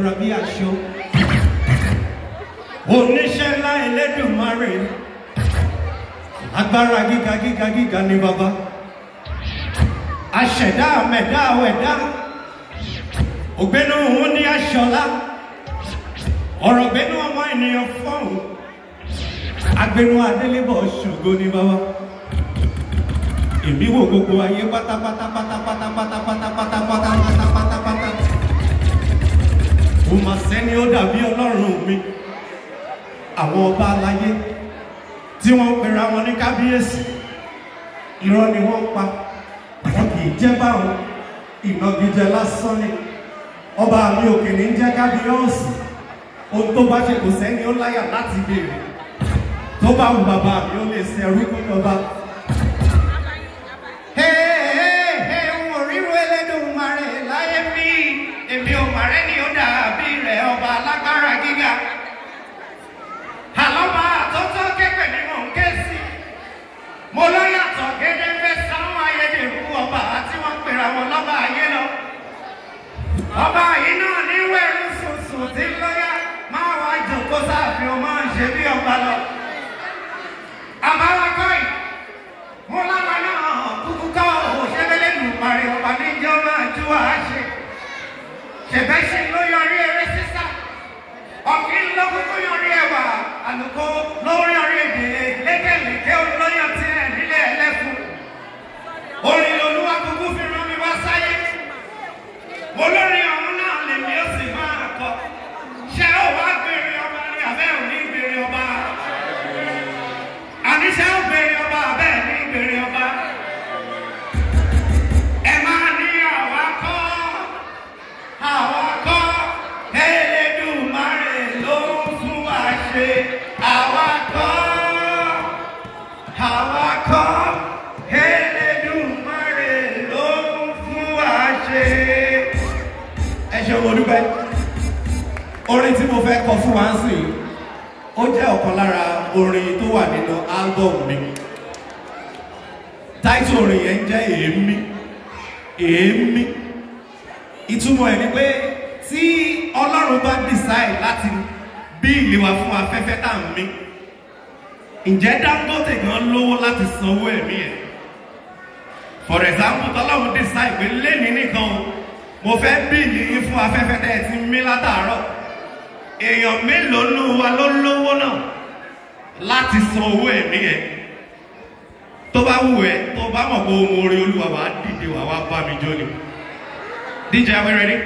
ìrora bí aṣọ. Oníṣẹ́ ńlá Ẹlẹ́dùmarè. Agbára gíga gíga gíga ni bàbá. Aṣẹ̀dá àmẹ̀dá àwẹ̀dá. Ògbénu òun ní aṣọlá. Ọ̀rọ̀ gbénu ọmọ ènìyàn fọ́hùn. Agbénu Adélébọ̀ ṣògo ni bàbá èmi wò gbogbo ayé pátápátá pátápátá pátápátá pátápátá kò mà sẹ́ni ó dàbí ọlọ́run mi àwọn ọba aláyé tí wọ́n pera wọn ní kábíyèsí irọ́ ni wọ́n pa wọn kì í jẹ́ báwọn ìnagijẹ lásán ni ọba mi òkè ní jẹ́ kábíyèsí ohun tó bá ṣe kò sẹ́ni ó láyà láti béèrè tó bá wù bàbá mi ó lè ṣe ẹrú pé ọba. lórí orí èdè lékèlékè olóyàn tí ẹ̀ nílẹ̀ ẹlẹ́kùn orin olúwa gbogbo fi rán mi wá sáyé olórin. ẹ ṣe mo dúpẹ́ orin tí mo fẹ́ kọ fún wa ń sìn ó jẹ́ ọ̀kan lára orin tó wà nínú álbọ̀mù mi táìtù orin yẹn jẹ́ èémí èémí ìtumọ̀ ẹ̀ ni pé tí ọlọ́run bá decide láti bí ìléwà fún afẹ́fẹ́ tá à ń mí ǹjẹ́ Dangote gan lówó láti sanwó ẹ̀mí ẹ̀ for example tọ́lọ́run decide pé lẹ́ni nìkan o mo fẹ́ bìlì yín fún afẹ́fẹ́ tẹ́ ẹ ti mí látàárọ̀ èèyàn mélòó nù wa ló lówó náà láti san owó ẹ̀mí yẹn tó bá wù ẹ́ tó bá mọ̀ pé ohun oore olúwa wàá dìde wàá wá bá mi jó ni díje abẹ́rẹ́ ni.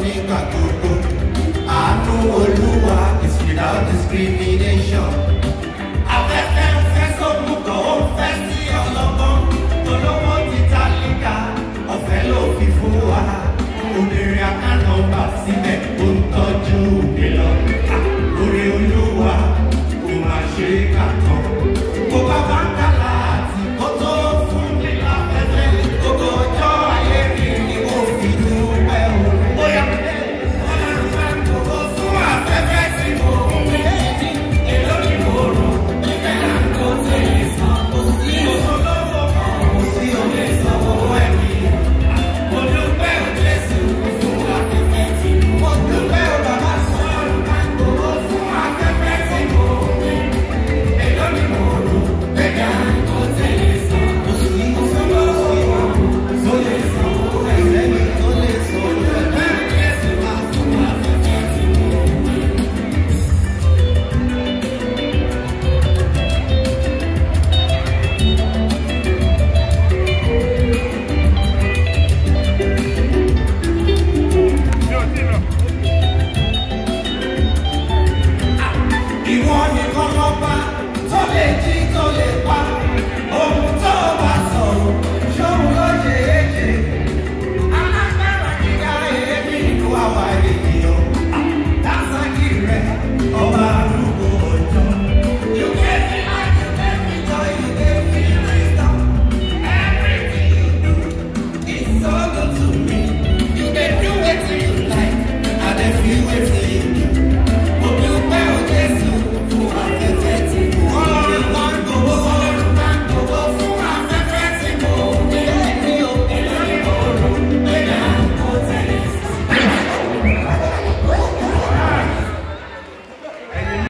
nígbà gbogbo àánú is without discrimination. afẹ́fẹ́ ń fẹ́ sómùkọ̀ ó ń fẹ́ sí ọlọ́gbọ́n tolówó ti ta líka ọ̀fẹ́ ló fi fún wa